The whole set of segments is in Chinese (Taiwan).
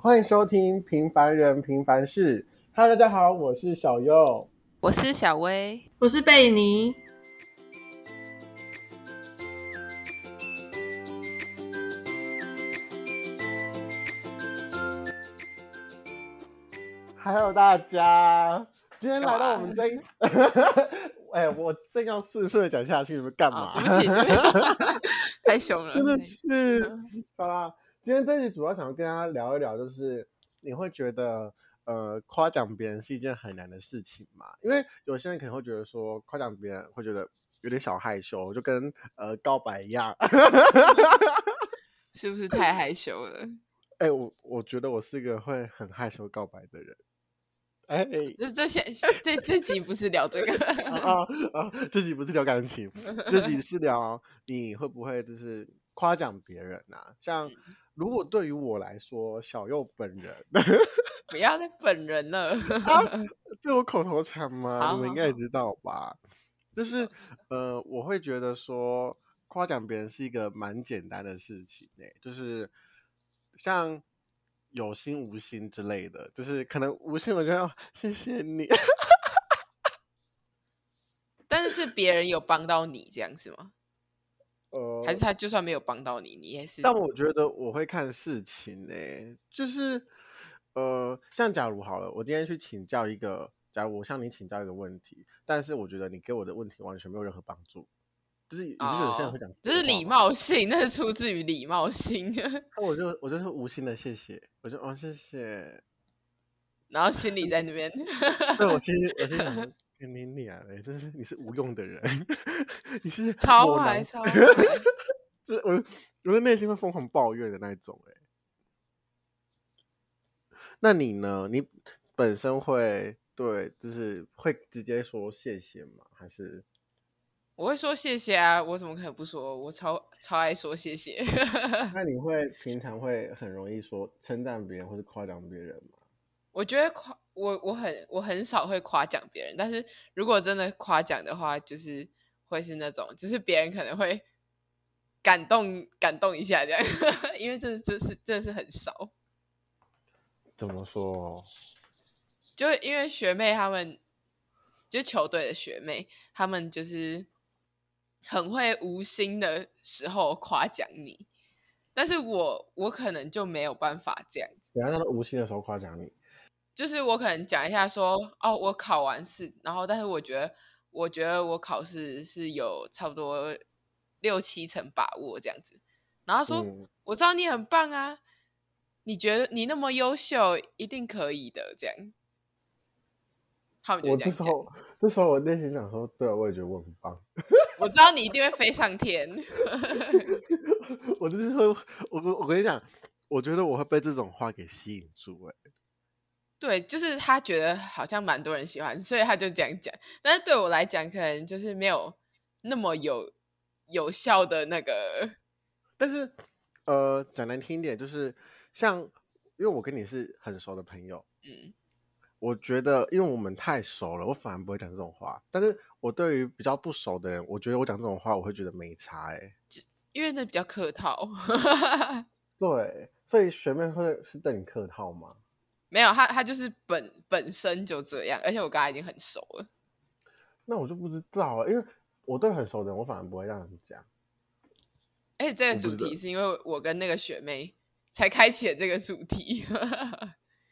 歡迎收聽《平凡人平凡事》。Hello，大家好，我是小優，我是小薇，我是貝尼。Hello， 大家，今天來到我們這一，哎、啊 欸，我正要四歲講下去，你們幹嘛？啊、 太凶熊了， 真的是，啊、好啦。今天這集主要想要跟大家聊一聊，就是你會覺得，呃，誇獎別人是一件很難的事情嗎？因為有些人可能會覺得說，誇獎別人會覺得有點小害羞，就跟呃告白一樣， 是不是太害羞了？哎、欸，我我覺得我是一個會很害羞告白的人。哎、欸，這這先這這集不是聊這個，哦 哦、啊，這集、啊、不是聊感情，這集是聊你會不會就是誇獎別人啊，像。如果對於我來說，小右本人， 不要再本人了，這、 啊、我口頭禪嗎？你 們應該也知道吧。好好好，就是呃，我會覺得說，誇獎別人是一個蠻簡單的事情誒、欸。就是像有心無心之類的，就是可能無心，我就要謝謝你。 但是，是別人有幫到你， 這樣是嗎？呃，還是他就算沒有幫到你，你也是。但我覺得我會看事情呢、欸，就是呃，像假如好了，我今天去請教一個，假如我向你請教一個問題，但是我覺得你給我的問題完全沒有任何幫助，是哦、就是我現在會講，這是禮貌性，那是出自於禮貌性。那 我就我就是無心的謝謝，我就哦謝謝，然後心裡在那邊， 對我其實我是你倆、啊、嘞，真是你是無用的人， 你是超愛超，愛？ 這我我的內心會瘋狂抱怨的那一種哎、欸。那你呢？你本身會對，就是會直接說謝謝嗎？還是我會說謝謝啊？我怎麼可能不說？我超超愛說謝謝。 那你會平常會很容易說稱讚別人或是誇獎別人嗎？我覺得誇我，我很我很少會誇獎別人，但是如果真的誇獎的話，就是會是那種，就是別人可能會感動感動一下這樣，呵呵，因為這這是這是很少。怎麼說？就因為學妹他們，就球隊的學妹，他們就是很會無心的時候誇獎你，但是我我可能就沒有辦法這樣子。等下他們無心的時候誇獎你，就是我可能講一下說哦，我考完試，然後但是我覺得，我覺得我考試是有差不多六七成把握這樣子。然後說，嗯、我知道你很棒啊，你覺得你那麼優秀，一定可以的這樣，他們這樣。我這時候，這時候我內心想說，對啊，我也覺得我很棒。 我知道你一定會飛上天。 我就是會，我我我跟你講，我覺得我會被這種話給吸引住哎、欸。對，就是他覺得好像蠻多人喜歡，所以他就這樣講。但是對我來講，可能就是沒有那麼有有效的那個。但是，呃，講難聽一點，就是像，因為我跟你是很熟的朋友，嗯，我覺得，因為我們太熟了，我反而不會講這種話。但是我對於比較不熟的人，我覺得我講這種話，我會覺得沒差哎、欸，因為那比較客套。 對，所以學妹會是對你客套嗎？沒有他，他就是本本身就這樣，而且我跟他已經很熟了。那我就不知道了，因為我對很熟的人，我反而不會讓他們講。哎，這個主題是因為我跟那個學妹才開啟了這個主題。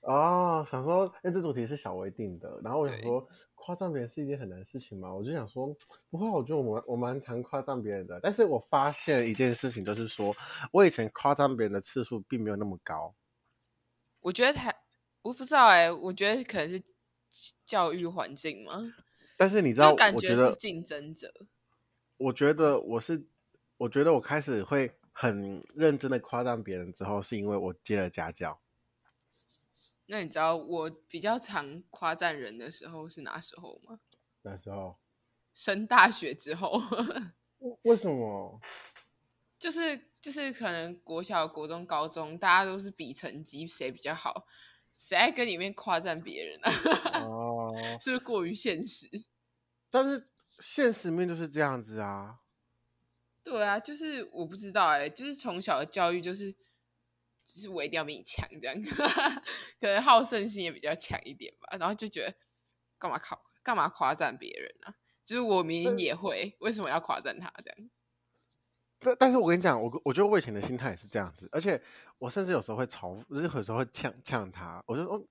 哦，想說，哎，這主題是小薇定的。然後我想說，誇讚別人是一件很難的事情嘛？我就想說，不會、啊，我覺得我蠻我蠻常誇讚別人的。但是我發現一件事情，就是說我以前誇讚別人的次數並沒有那麼高。我覺得他。我不知道哎、欸，我覺得可能是教育環境嘛。但是你知道，我覺得競爭者。我覺得我是，我覺得我開始會很認真的誇讚別人之後，是因為我接了家教。那你知道我比較常誇讚人的時候是哪時候嗎？那時候升大學之後 。為什麼？就是就是，可能國小、國中、高中，大家都是比成績，誰比較好。誰愛跟裡面誇讚別人啊？哦， 是不是過於現實？但是現實面就是這樣子啊。對啊，就是我不知道哎、欸，就是從小的教育就是，就是我一定要比你強這樣， 可能好勝心也比較強一點吧。然後就覺得幹嘛靠，幹嘛誇讚別人啊？就是我明明也會，為什麼要誇讚他這樣？但但是我跟你講，我我覺得魏晴的心態也是這樣子，而且我甚至有時候會嘲，就是有時候會嗆嗆他，我就說、哦、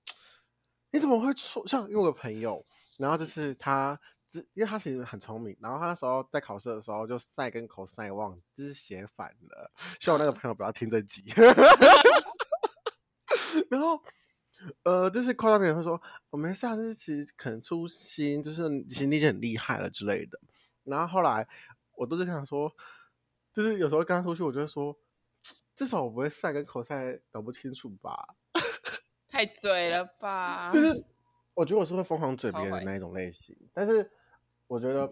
你怎麼會出，像有個朋友，然後就是他，因為他其實很聰明，然後他那時候在考試的時候就塞跟口塞忘，就是寫反了。希望我那個朋友不要聽這集。嗯、 然後呃，就是誇張朋友會說我沒事啊，就是其實可能粗心，就是其實你已經很厲害了之類的。然後後來我都是想說。就是有時候剛剛出去，我就會說，至少我不會曬跟口曬搞不清楚吧？太嘴了吧？就是我覺得我是會瘋狂嘴別人的那一種類型。但是我覺得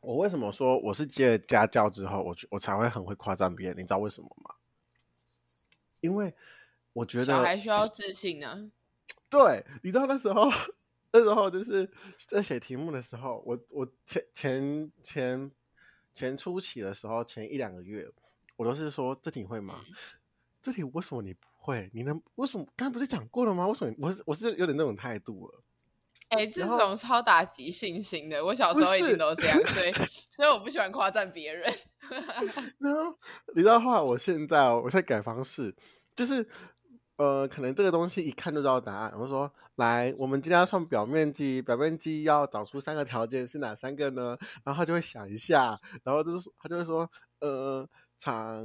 我為什麼說我是接了家教之後，我我才會很會誇讚別人？你知道為什麼嗎？因為我覺得小孩需要自信呢、啊。對，你知道那時候那時候就是在寫題目的時候，我我前前前。前前初期的時候，前一兩個月，我都是說，這題會嗎？這題為什麼你不會？你能為什麼？剛才不是講過了嗎？為什麼我是我是有點那種態度了？哎、欸，這種超打擊信心的，我小時候一直都這樣，所以所以我不喜歡誇讚別人。 然後你知道話，後來我現在、哦、我在改方式，就是。呃，可能這個東西一看就知道答案。我們說，來，我們今天要算表面積，表面積要找出三個條件是哪三個呢？然後他就會想一下，然後就是他就會說，呃，長、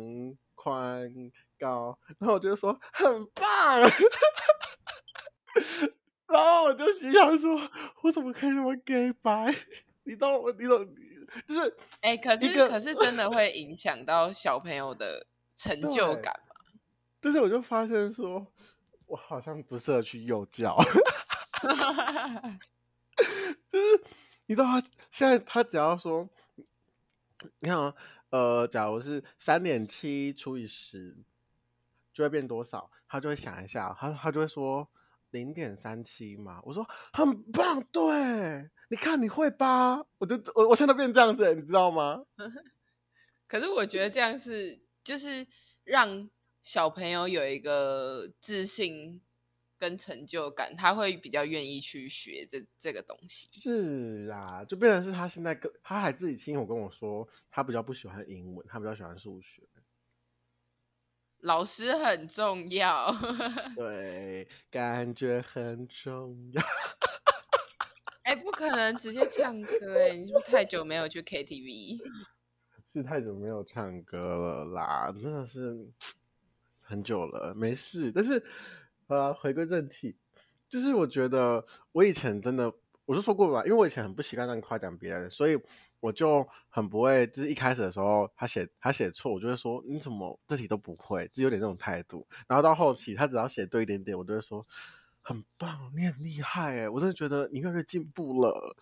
寬、高。然後我就說，很棒。 然後我就心想說，我怎麼可以這麼假掰？你懂我，你懂，就是，哎、欸，可是可是真的會影響到小朋友的成就感。就是我就發現說，我好像不適合去幼教。 就是你知道他，現在他只要說，你看，啊，呃，假如是三點七除以十，就會變多少？他就會想一下，他他就會說零點三七嘛。我說很棒，對，你看你會吧？我就我我現在都變這樣子，欸，你知道嗎？ 可是我覺得這樣是就是讓。小朋友有一個自信跟成就感，他會比較願意去學這這個東西。是啦，啊，就變成是他現在跟他還自己親口跟我說，他比較不喜歡英文，他比較喜歡數學。老師很重要， 對，感覺很重要。哎 欸，不可能直接唱歌哎！你是不是太久沒有去 KTV？是太久沒有唱歌了啦，真的是。很久了，沒事。但是，呃、啊，回歸正題，就是我覺得我以前真的我是說過吧，因為我以前很不習慣這樣誇獎別人，所以我就很不會，就是一開始的時候他，他寫他寫錯，我就會說，你怎麼這題都不會，就有點這種態度。然後到後期，他只要寫對一點點，我就會說很棒，你很厲害誒，我真的覺得你越來越進步了。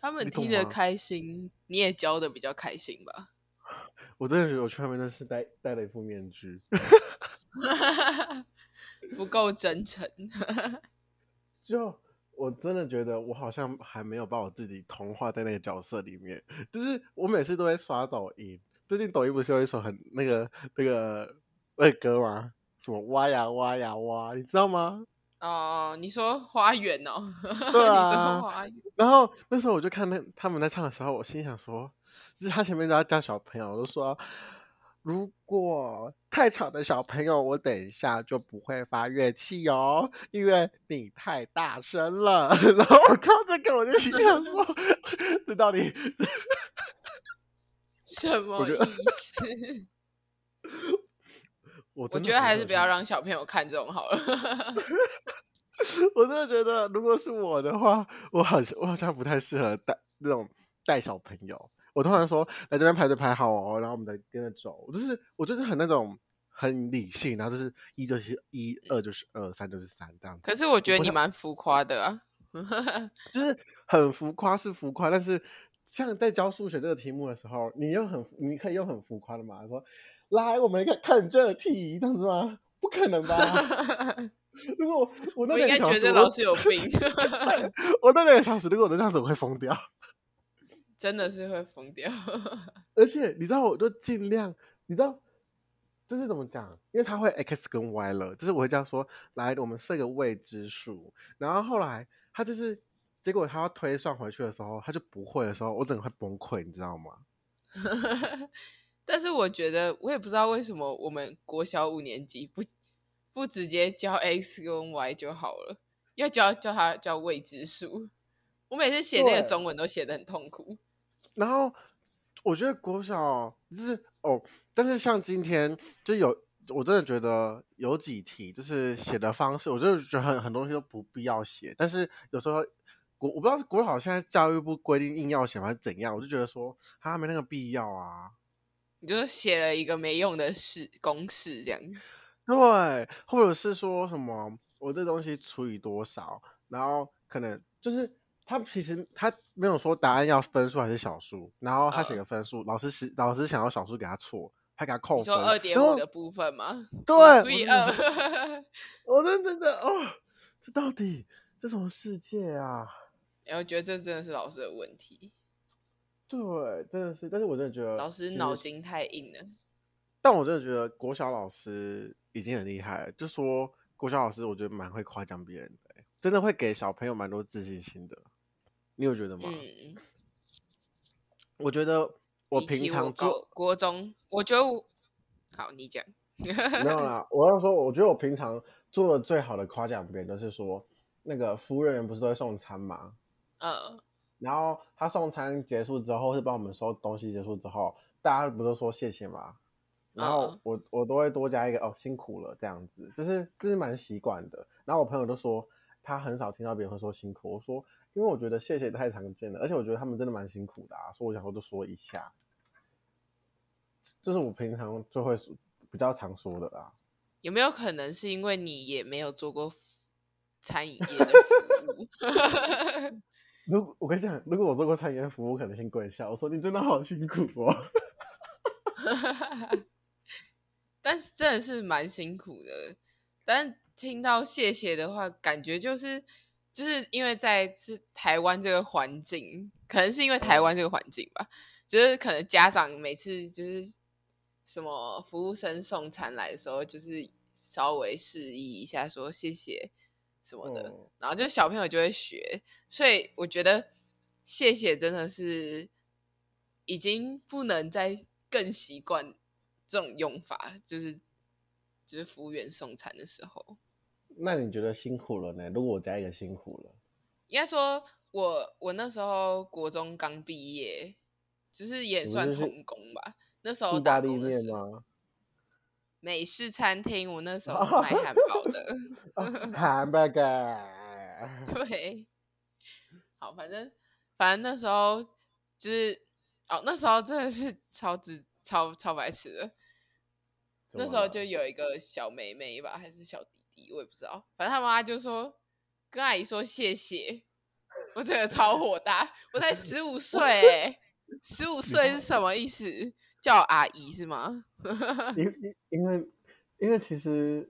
他們聽得開心，你，你也教的比較開心吧。我真的覺得我去外面那，是戴，戴了一副面具， 不夠真誠。 就我真的覺得我好像還沒有把我自己同化在那個角色裡面，就是我每次都會刷抖音，最近抖音不是有一首很那個那個那個、歌嗎？什麼挖呀挖呀挖，你知道嗎？哦，你說花園哦？對啊。 花園，然後那時候我就看他他們在唱的時候，我心想說，其實他前面都要教小朋友，我就說如果太吵的小朋友，我等一下就不會發樂器哦，因為你太大聲了。然後我看到這個，我就心想說，這到底什麼意思 我，我覺得還是不要讓小朋友看這種好了 我真的覺得，如果是我的話，我好我好像不太適合帶那種帶小朋友。我通常說，來這邊排隊排好哦，喔，然後我們再跟着走。就是我就是很那種很理性，然後就是一就是一，二就是二，三就是三這樣。可是我覺得你蠻浮誇的啊， 就是很浮誇是浮誇，但是像在教數學這個題目的時候，你又很你可以又很浮誇的嘛，就是，說。來，我們看這題，這樣子嗎？不可能吧！ 如果我，我那兩個小時，老師有病。 我，都 我那兩個小時，如果我能這樣子，我會瘋掉。真的是會瘋掉。 而且你知道，我都盡量，你知道，就是怎麼講，因為他會 x 跟 y 了，就是我會這樣說：來，我們設個未知數，然後後來他就是結果，他要推算回去的時候，他就不會的時候，我整個會崩潰，你知道嗎？ 但是我覺得，我也不知道為什麼我們國小五年級不不直接教 X 跟 Y 就好了，要教教他教未知數。我每次寫那個中文都寫得很痛苦。然後我覺得國小就是哦，但是像今天就有，我真的覺得有幾題就是寫的方式，我就覺得很很多東西都不必要寫。但是有時候國我，我不知道是國小現在教育部規定硬要寫嗎還是怎樣，我就覺得說他沒那個必要啊。你就寫了一個沒用的式公式，這樣對，或者是說什麼我這東西除以多少，然後可能就是他其實他沒有說答案要分數還是小數，然後他寫個分數，oh. 老師是老師想要小數給他錯，還給他扣分，你說二點五的部分嗎？對，除以二， 我真的真的哦，這到底這什麼世界啊？然後，欸，覺得這真的是老師的問題。對，真的是，但是我真的覺得老師腦筋太硬了。但我真的覺得國小老師已經很厲害了。就說國小老師，我覺得蠻會誇獎別人的，欸，真的會給小朋友蠻多自信心的。你有覺得嗎？嗯。我覺得我平常做國中，我覺得我好，你講 沒有啦。我要說，我覺得我平常做的最好的誇獎別人，就是說那個服務人員不是都會送餐嗎？嗯、呃。然後他送餐結束之後，是幫我們收東西結束之後，大家不是說謝謝嗎？然後我我都會多加一個哦，辛苦了這樣子，就是這是蠻習慣的。然後我朋友都說他很少聽到別人會說辛苦，我說因為我覺得謝謝太常見了，而且我覺得他們真的蠻辛苦的啊，所以我想說都說一下，就是我平常就會比較常說的啦。有沒有可能是因為你也沒有做過餐飲業的服務？ 如果我跟你講，如果我做過餐飲的服務，可能先跪下。我說你真的好辛苦哦， 但是真的是蠻辛苦的。但是聽到謝謝的話，感覺就是就是因為在是台灣這個環境，可能是因為台灣這個環境吧、嗯，就是可能家長每次就是什麼服務生送餐來的時候，就是稍微示意一下說謝謝。什麼的，然後就小朋友就會學、嗯，所以我覺得謝謝真的是已經不能再更習慣這種用法，就是就是服務員送餐的時候。那你覺得辛苦了呢？如果我家也辛苦了，應該說我我那時候國中剛畢業，就是也算童工吧。那時候意大利麵嗎？美式餐廳，我那時候買漢堡的，hamburger，對，好，反正反正那時候就是，哦，那時候真的是超直、超超白痴的。那時候就有一個小妹妹吧，還是小弟弟，我也不知道。反正他媽媽就說：“跟阿姨說謝謝。”我覺得超火大，我才十五歲誒，十五歲是什麼意思？ 叫阿姨是嗎？因 因因為因為其實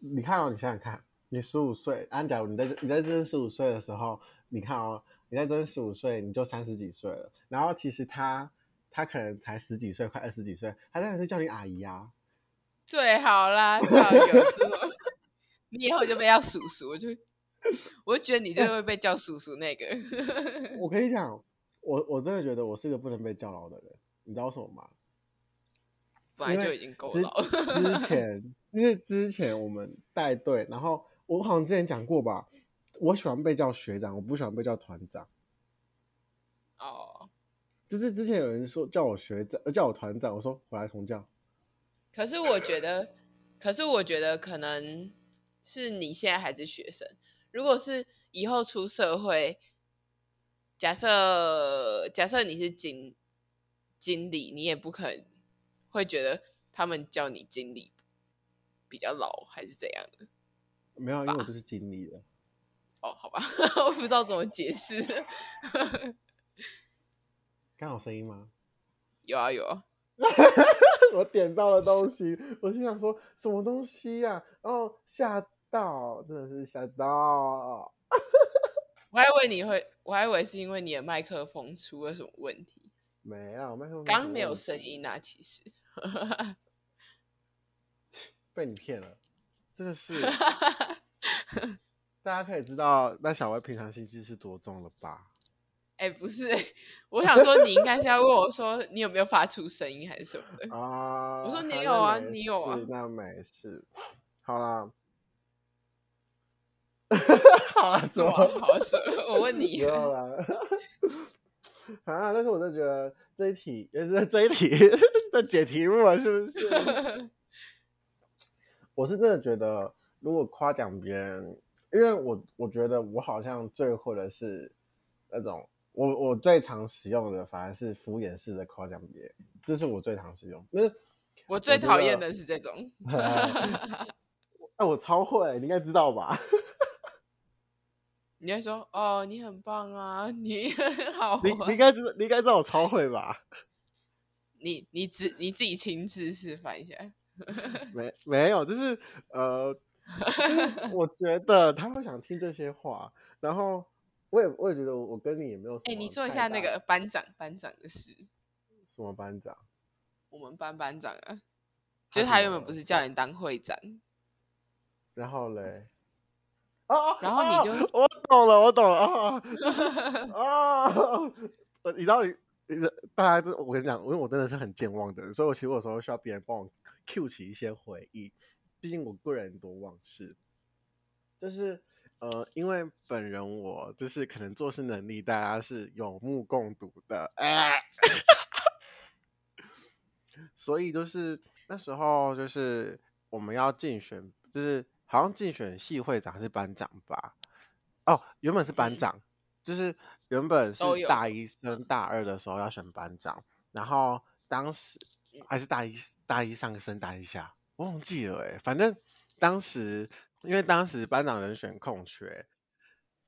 你看哦，你想想看，你十五歲，按、啊、假如你在這你在這十五歲的時候，你看哦，你在真正十五歲，你就三十幾歲了。然後其實他他可能才十幾歲，快二十幾歲，他真的是叫你阿姨啊，最好啦，叫叔 你以後就被叫叔叔，我就我就覺得你就會被叫叔叔那個。 我跟你講，我我真的覺得我是個不能被叫老的人，你知道什麼嗎？本來就已經夠了。之前，因 為之前我們帶隊，然後我好像之前講過吧，我喜歡被叫學長，我不喜歡被叫團長。哦，就是之前有人說叫我學長，叫我團長，我說我來同教。可是我覺得， 可是我覺得可能是你現在還是學生。如果是以後出社會，假設假設你是經經理，你也不肯。會覺得他們叫你經理比較老還是怎樣的？沒有，因為我不是經理的。哦，好吧呵呵，我不知道怎麼解釋。 剛好聲音嗎？有啊有啊。 我點到了東西，我心想說什麼東西啊，然後嚇到，真的是嚇到。 我還以為你會，我還以為是因為你的麥克風出了什麼問題。沒有、啊，麥克風剛沒有聲音啊，其實。 被你騙了，真的是！ 大家可以知道，那小薇平常心機是多重了吧？哎、欸，不是，我想說，你應該是要問我說，你有沒有發出聲音還是什麼的？啊、 哦，我說你有啊，你有啊，那沒事。好啦， 好了，說，好了， 我問你了。 啊！但是我就覺得這一題，也是在這一題在解題目了，是不是？我是真的覺得，如果誇獎別人，因為我我覺得我好像最或者是那種我我最常使用的，反而是敷衍式的誇獎別人，這是我最常使用。那我，我最討厭的是這種。 哎，哎，我超會，你應該知道吧？你還說哦，你很棒啊，你很好。你你應該知，你應該知，知道我超會吧？ 你你自你自己親自示範一下。 沒沒有，就是呃， 我覺得他會想聽這些話，然後我也我也覺得我跟你也沒有。哎、欸，你說一下那個班長班長的事。什麼班長？我們班班長啊，就是、他原本不是叫你當會長， 然後嘞。哦、啊，然後你就、啊、我懂了，我懂了，啊、 就是我、啊、你到底，你大家，我跟你講，因為我真的是很健忘的人，所以我其實我有時候需要別人幫我 cue 起一些回憶，畢竟我個人多忘事，就是呃，因為本人我就是可能做事能力大家是有目共睹的，哎， 所以就是那時候就是我們要競選，就是。好像競選系會長還是班長吧？哦，原本是班長，嗯，就是原本是大一升大二的時候要選班長，然後當時還是大一，大一上升大一下，我忘記了哎、欸。反正當時因為當時班長人選空缺，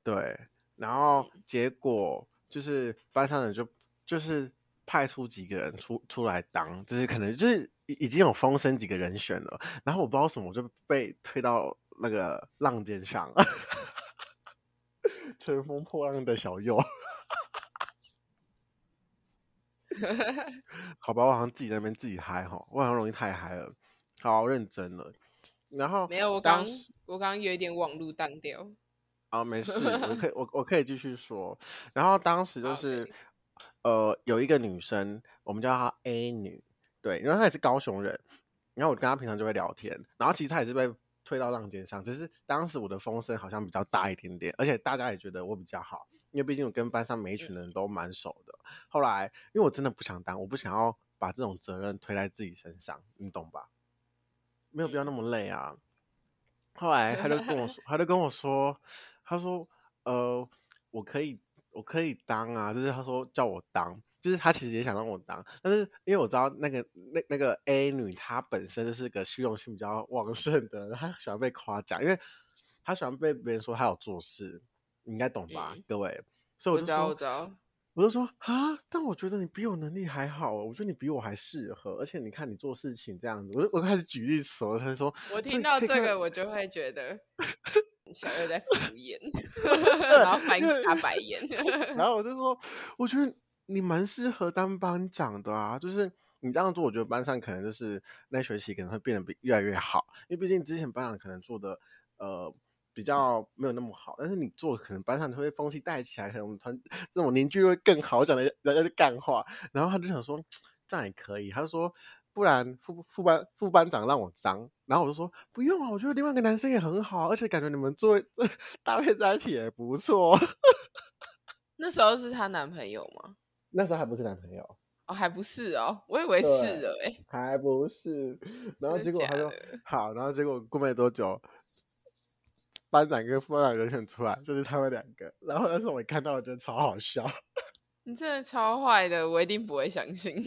對，然後結果就是班上人就就是。派出幾個人出出來當，就是可能就是已經有風聲幾個人選了，然後我不知道什麼，我就被推到那個浪尖上，乘 風破浪的小 yo 好吧，我好像自己在那邊自己嗨哈，我好像容易太嗨了，好認真了。然後沒有，我剛我剛剛有一點網路單調啊，沒事， 我可以我我可以繼續說。然後當時就是。Okay. 呃，有一個女生，我們叫她 A 女，對，然後她也是高雄人，然後我跟她平常就會聊天，然後其實她也是被推到浪尖上，只是當時我的風聲好像比較大一點點，而且大家也覺得我比較好，因為畢竟我跟班上每一群人都蠻熟的。嗯。後來，因為我真的不想當，我不想要把這種責任推在自己身上，你懂吧？沒有必要那麼累啊。後來她就跟我說，她就跟我說，她說，呃，我可以。我可以當啊，就是他說叫我當，就是他其實也想讓我當，但是因為我知道那個那那個 A 女她本身就是個虛榮心比較旺盛的，她喜歡被誇獎，因為她喜歡被別人說她有做事，你應該懂吧，嗯、各位，所以我就說。我知道，我知道。我就說啊，但我覺得你比我能力還好，我覺得你比我還適合，而且你看你做事情這樣子，我我開始舉例子說，他說我聽到這個我就會覺得。 小又在敷衍，然後翻他白眼，然後我就說，我覺得你蠻適合當班長的啊，就是你這樣做，我覺得班上可能就是那學期可能會變得越來越好，因為畢竟之前班長可能做的呃比較沒有那麼好，但是你做，可能班上就會被風氣帶起來，可能我們團這種凝聚會更好。講的，人家就幹話，然後他就想說這樣也可以，他就說。不然副副班副班長讓我當，然後我就說不用啊，我覺得另外一個男生也很好，而且感覺你們做搭配在一起也不錯。 那時候是他男朋友嗎？那時候還不是男朋友哦，還不是哦，我以為是了哎，還不是。然後結果他說真的假的？好，然後結果過沒多久，班長跟副班長人選出來就是他們兩個，然後那時候我一看到我覺得超好笑。你真的超壞的，我一定不會相信。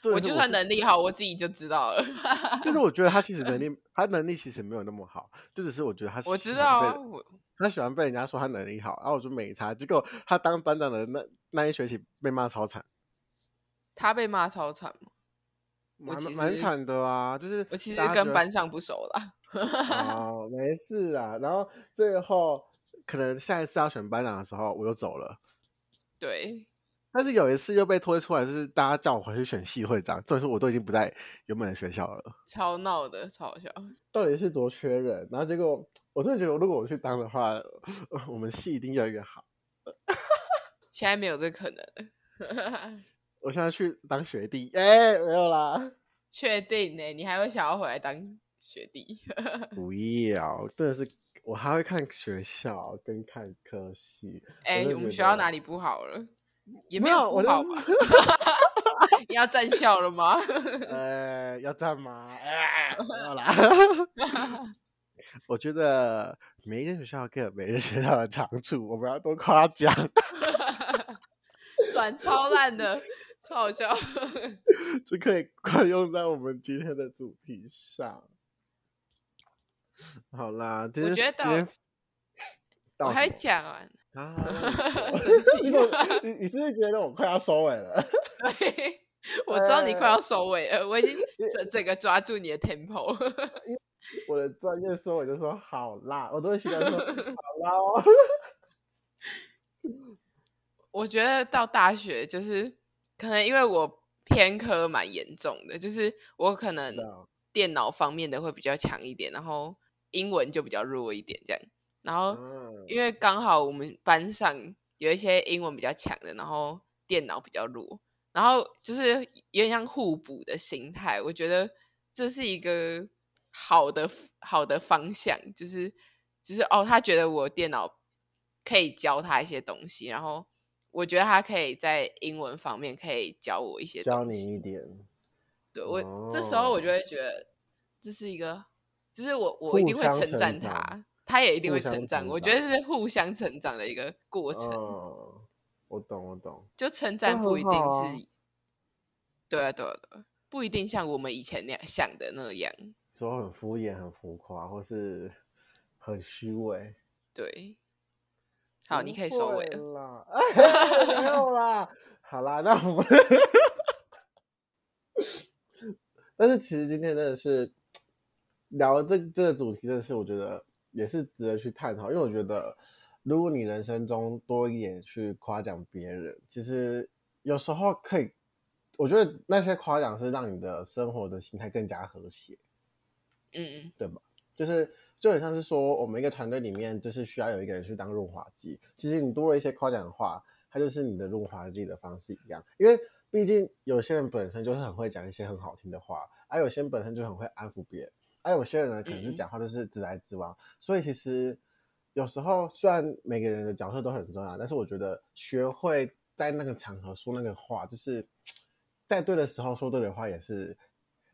就是、我，是我就算能力好，我自己就知道了。 就是我覺得他其實能力，他能力其實沒有那麼好，就只是我覺得他。我知道、啊我，他喜歡被人家說他能力好，然、啊、後我就沒差。結果他當班長的那那一學期被罵超慘。他被罵超慘。蠻蠻慘的啊，就是我其實跟班上不熟了。 哦，沒事啊。然後最後可能下一次要選班長的時候，我又走了。對。但是有一次又被推出來，是大家叫我回去選系會長，重點是我都已經不在原本的學校了，超鬧的，超好笑。到底是多缺人？然後結果我真的覺得，如果我去當的話，我們系一定越來越好。 現在沒有這可能。 我現在去當學弟，哎、欸，沒有啦。確定呢、欸？你還會想要回來當學弟？ 不要，真的是我還會看學校跟看科系。哎、欸，我們學校哪裡不好了？也沒有，我要你 要站校了嗎？ 呃，要站嗎？哎、呃，好了。 我覺得每一個學校的各有每個學校的長處，我們要多誇獎。轉 超爛爛的， 超好笑， 就可以慣用在我們今天的主題上。好啦，就我覺得我還講啊。啊，啊，啊，啊！你啊你，你是不是覺得我快要收尾了？對，我知道你快要收尾了，啊、我已經整整個抓住你的 tempo 了。我的專業收尾就說好啦，我都喜歡說好啦，哦。 我覺得到大學就是可能因為我偏科蠻嚴重的，就是我可能電腦方面的會比較強一點，然後英文就比較弱一點這樣。然後，因為剛好我們班上有一些英文比較強的，然後電腦比較弱，然後就是有點像互補的心態。我覺得這是一個好的好的方向，就是就是哦，他覺得我電腦可以教他一些東西，然後我覺得他可以在英文方面可以教我一些東西，教你一點。對，我，哦，這時候我就會覺得這是一個，就是我我一定會稱讚他。他也一定會成長，成長我覺得是互相成長的一個過程。呃、我懂，我懂。就稱讚不一定是、啊，對啊，對啊，對，啊對啊，不一定像我們以前那樣想的那樣，說很敷衍，很浮誇，或是很虛偽。對，好，你可以收尾了。沒有啦， 好啦，那我們。 但是其實今天真的是聊了這這個主題，真的是我覺得。也是值得去探討，因為我覺得，如果你人生中多一點去誇獎別人，其實有時候可以，我覺得那些誇獎是讓你的生活的心態更加和諧，嗯嗯，對吧？就是就很像是說，我們一個團隊裡面，就是需要有一個人去當潤滑劑。其實你多了一些誇獎的話，它就是你的潤滑劑的方式一樣。因為畢竟有些人本身就是很會講一些很好聽的話，而、啊、有些人本身就很會安撫別人。哎、啊，有些人呢，可能是講話都是直來直往，嗯，所以其實有時候雖然每個人的角色都很重要，但是我覺得學會在那個場合說那個話，就是在對的時候說對的話也是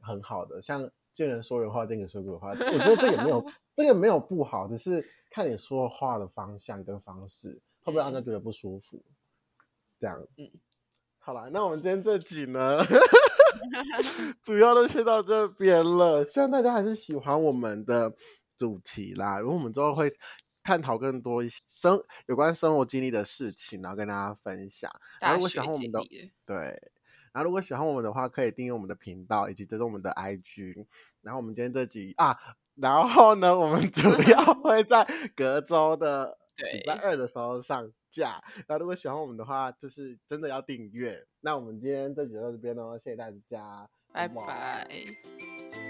很好的。像見人說人話，見鬼說鬼話，我覺得這也沒有， 這個沒有不好，只是看你說話的方向跟方式會不會讓他覺得不舒服，嗯。這樣，嗯，好啦，那我們今天這集呢？ 主要都說到這邊了，希望大家還是喜歡我們的主題啦。然後我們之後會探討更多一些生有關生活經歷的事情，然後跟大家分享。然後如果喜歡我們的，對，然後如果喜歡我們的話，可以訂閱我們的頻道以及追蹤我們的 IG。然後我們今天這集啊，然後呢，我們主要會在隔周的禮拜二的時候上。 假，那如果喜歡我們的話，就是真的要訂閱。那我們今天這集到這邊嘍。哦，謝謝大家，拜拜。拜拜。